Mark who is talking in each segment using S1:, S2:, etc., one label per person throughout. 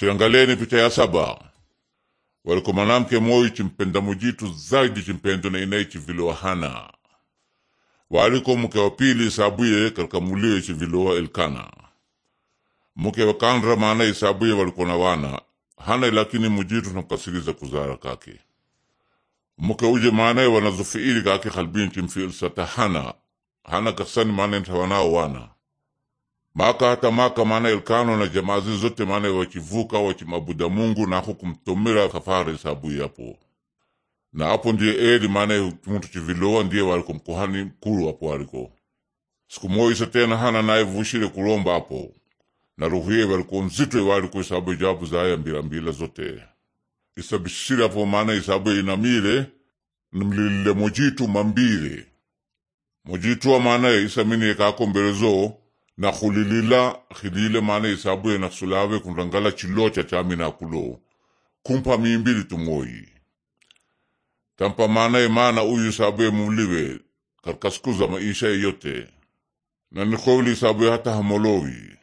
S1: Chiangaleni picha ya saba waliko manamke moyi chimpenda mujitu zaidi chimpendo na inaichi chivilowa Hana waliko mke wa pili isabuye katika mulio chivilowa Elkana mke wa Kandra maana isabuye waliko na wana Hana lakini mujitu namkasiriza kuzara kake mke uje maana wanazufiili kake chimfiil sata Hana Hana kasani maana ntawanao wana Maka hata maka maana Elkano na jamaa zote maana wachivuka wachimabuda Mungu na kumtomera kafara hesabu yapo. Na hapo ndiye eli maana mtu chivilowa ndiye waliko mkuhani mkuru hapo waliko. Siku moja tena Hana naye vushire kulomba hapo. Na roho waliko nzito waliko hesabu jabu za mbila mbila zote. Isabishira hapo maana hesabu inamire nimlile mojitu mambire. Mojitu maana isamini mbelezoo na khulilila khilile maana isabuye na sulawe kunrangala chilocha kulo kumpa mimbili tumoi tampa maanaye maana uyu isabuye mulive karkaskuza maisha yote na nikhowili isabuye hata hamolowi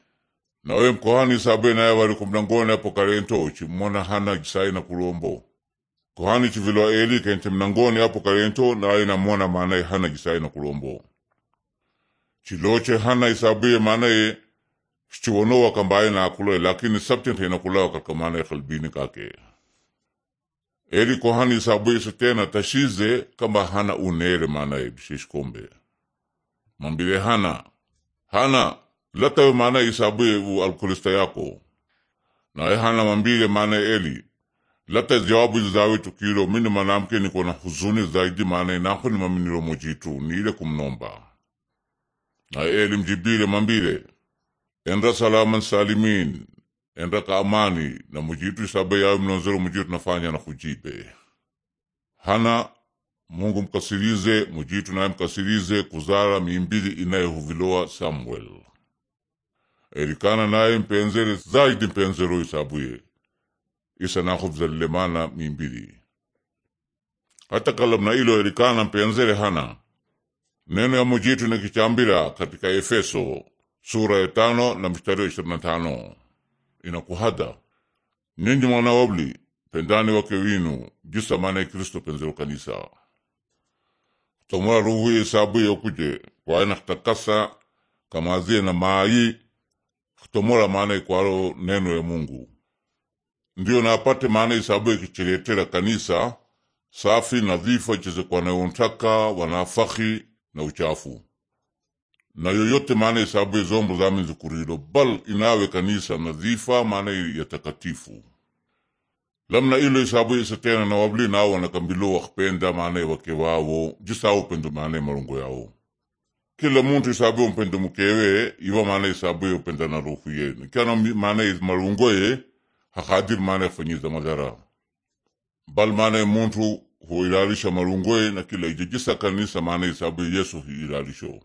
S1: na we mkohani isabuye naye wari kumlangone apo karento chimmona hana jisai na kulombo kohani chivilo eli kente mlangone apo karento naye namona maanaye hana jisai na kulombo chiloche hana isabuye manaye shichiwonowa kambaye nakuloe lakini kulawa katika maana kalbini kake eri ko hana isabuye sotena tashize kamba hana unere maanaye bishishkombe mambile hana hana latawe manaye isabuye u alkolista yako naye hana mambile maanaye eli lata jawabu zawe tukiro mini manamke niko na huzuni zaidi maanaye nako ni maminiro mojitu niile kumnomba na eli mjibile mambile enda salaman salimin enda ka amani na mujitu sabe yawe mnonzero mujitu nafanya na kujibe hana Mungu mkasirize mujitu naye mkasirize kuzara miimbili huviloa Samuel erikana naye mpenzere zaidi mpenzero isabuye isa nakhuvzalle mana miimbili hata kalamna ilo erikana mpenzere hana Neno ya mujitu kichambira katika Efeso sura ya tano na mstari wa ishirini na tano inakuhada ninyi mwanawabli pendani wake winu jisa maana ya Kristo penzero kanisa tomora ruhu isabu yokuje kwaena kitakasa kamazie na mayi kutomora maana ikwaro neno ya Mungu ndio napate maana isabu ikichiretera kanisa safi nadhifa chize kwanayontaka wanafahi na uchafu na yoyote maana isabuye zombo zame zikurilo bal inawe kanisa nadhifa maana ya takatifu lamna ilo isabuye isatena na wabli nao wanakambilo wakpenda maana ya wake wawo jisawo upendo maana ya malongo yao kila muntu isabuye upendo mkewe iwa maana ya upenda na ruhu yenu kana maana ya malongo ye hakadir maana ya fanyiza madhara bal maana ya muntu huilalisha marungwe na kila ijejisa kanisa maana isabu yesu hiilalisho